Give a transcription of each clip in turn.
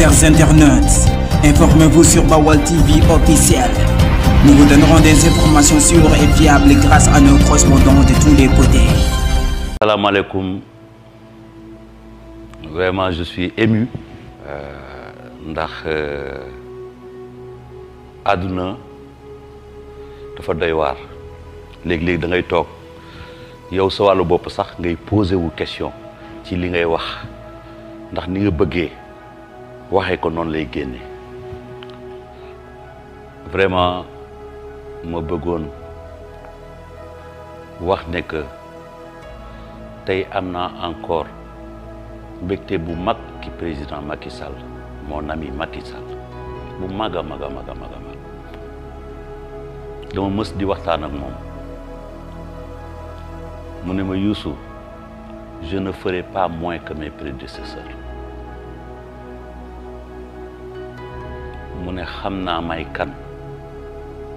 chers internautes, informez-vous sur Bawal TV officiel. Nous vous donnerons des informations sûres et fiables grâce à nos correspondants de tous les côtés. Salam alaikum. Vraiment, je suis ému. Euh, aduna euh, dafa doy waar léegi-léegi da ngay toog yow sa wàllu sax ngay posé wu question ci li ngay wax ndax ni nga waxee ko noonu lay génne vraiment ma bëggoon wax ne que tey am na encore mbégte bu mag ki président Macky Sall mon ami Macky Sall bu mag a mag a mag a mag a mag dama mës di waxtaan ak moom mu ne ma Youssou je ne ferai pas moins que mes prédécesseurs mu ne xam naa may kan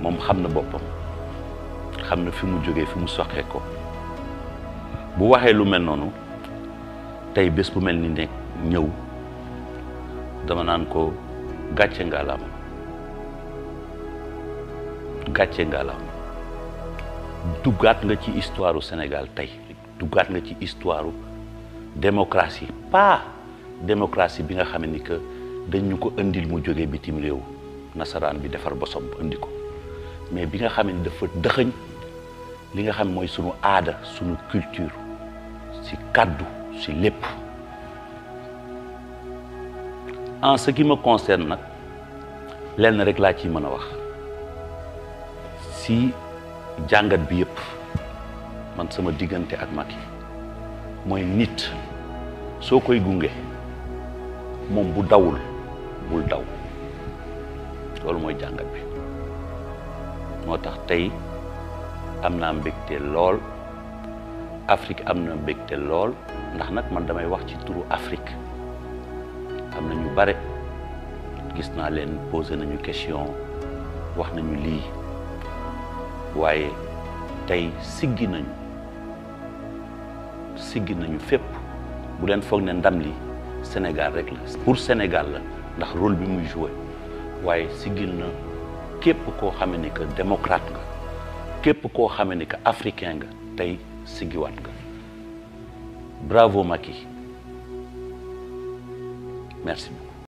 moom xam na boppam xam na fi mu jógee fi mu soxee ko bu waxee lu mel noonu tey bés bu mel ni ne ñëw dama naan ko gàcce ngaalaama gàcce ngaalaama duggaat nga ci histoire senegal tey duggaat nga ci histoire u démocratie pas bi nga xam ni que dañ ñu ko andil mu jógee bitim réew nasaraan bi defar bosom andi ko mais bi nga xam ne dafa dëxëñ li nga xam mooy sunu aada sunu culture si kaddu si lépp en ce qui me concerne nag lenn rek laa ciy mën wax si jàngat bi yépp man sama diggante ak Macky mooy nit soo koy gunge moom bu dawul bul daw loolu mooy jàngat bi moo tax tey am naa mbégte lool Afrique am na mbégte lool ndax nag man damay wax ci turu Afrique am na ñu bare gis naa leen posé nañu question wax nañu lii waaye tey siggi nañu siggi nañu fépp bu leen foog ne ndam li. Sénégal rek la pour Sénégal la ndax rôle bi muy joué waaye siggil na képp koo xamee ni que démocrate nga képp koo xamee ni que africain nga tey siggiwaat nga bravo Macky merci beaucoup